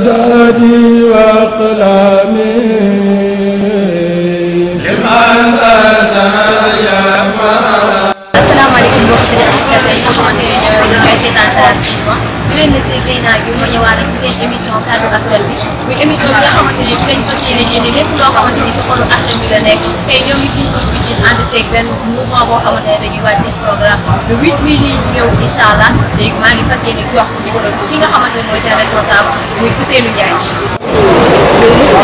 مدادي وأقلامي لمن أذان يا ما السلام عليكم ورحمة الله وبركاته benn si Zeyna bi ma ñëwaat ci seen émission kaddu askan bi muy émission bi nga xamante ni si lañ fas yéene jëndi loo xamante ni si xolu askan bi la nekk tey ñoo fi ñu fi jënd ànd seeg benn mouvement boo xamante ne dañuy waaj seen programme le huit mai nii ñëw incha allah léegi maa ngi fas yéene jox micro ki nga xamante ne mooy seen responsable muy Ousseynou Ndiaye.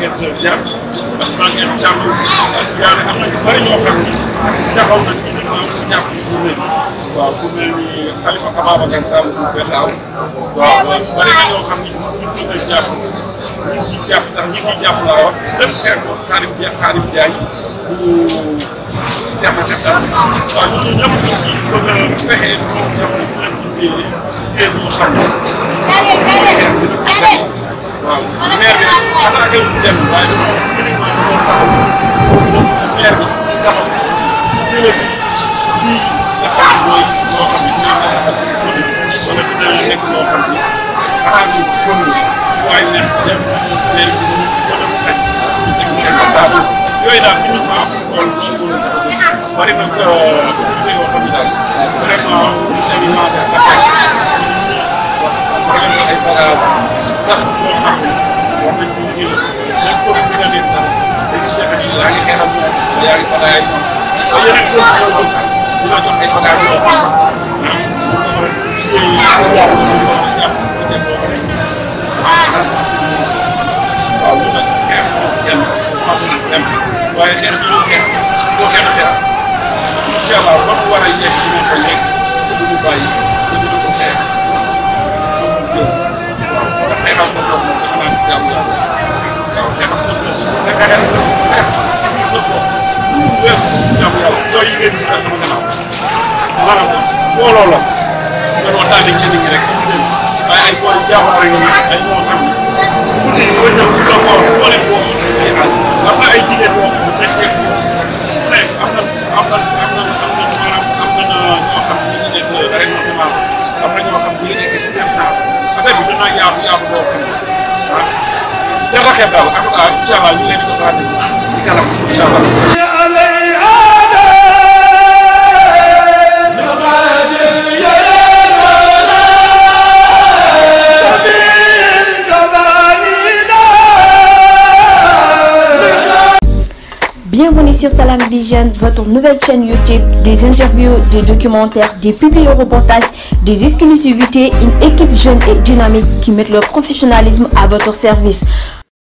ngeen jël jàpp ndax maa ngi am jàpp yàlla am na ñu bëri ñoo xam ne taxaw nañ ñu ne maa ngi ñàkk ci waaw ku mel ni Khalifa Ababacar Sall bu Betaaw waaw bëri na ñoo xam ne ñu ci jàpp ñu ci jàpp sax ñi ci jàpp laa wax même xeer ko xaarib xaarib jaay bu jaxase sax waaw ñun ñëpp ñu ci bëgg a fexe ñoo xam ne ñu leen ci téye téye bu ñu xam ne waaw maire bi nag dafa dem waaye maire bi taxaw jëlee si kii nga xam ne mooy loo xam ne dina rafetlu ci commune bi wala dina nekk loo xam ne xaar ñu commune waaye nag dem maire bi ñu mën a faj nekk seen table yooyu daal ñu ma xool loolu bari na ko yoo xam ne daal vraiment ñu tamit maa ngi ay bagages ñu ne ñaar kooku ñu leen sax dañuy jafe ni yaa ngi xeexal yaa ngi tax ay ba yeneen sax ñu la jox ay bagages yoo xam waaye xeex bi ñoo xeex ñoo xeex a xeex incha allah ba mu war a yegg dinañ ko yegg te du ñu bàyyi te du ñu ko xeex waaw ndax xeexal sa bopp moom dafa naan jaamu yàlla sa carrière sa sa bopp weesu jàmm yàlla doy yi ngeen gisal sama gannaaw maanaam mbooloo la man waxtaanee ci nit ñi rek waaye ay booy jaaxal rek ay ñoo xam guddi yi boo ñëw si la ko boole boo ay àll am na ay jigéen yoo xam ne dañ nekk am na am na am na am na maanaam am na ñoo xam ne ñu ngi def renoncement am na ñoo xam ne ñu ngi nekk si même saaf affaire bi dina yaatu yaatu boo xam ne waaw ah. ca Roquette daal ak ah incha allah ñu ngi leen di jox rendez-vous ci kanam incha allah. Bienvenue sur Salam Vision, votre nouvelle chaîne YouTube, des interviews, des documentaires, des publireportages, des exclusivités, une équipe jeune et dynamique qui met leur professionnalisme à votre service.